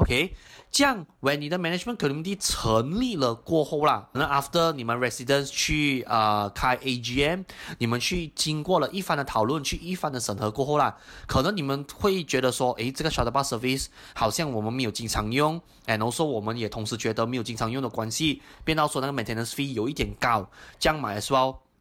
OK，這樣 when 你的 management community 成立了過後啦，那 after 你們 residents 去啊、呃、開 AGM，你們去經過了一番的討論，去一番的審核過後啦，可能你們會覺得說，誒，這個 shuttle bus service 好像我們沒有經常用，and also 我們也同時覺得沒有經常用的關係，變到說那個每天的 fee 有一點高，這樣買的時候。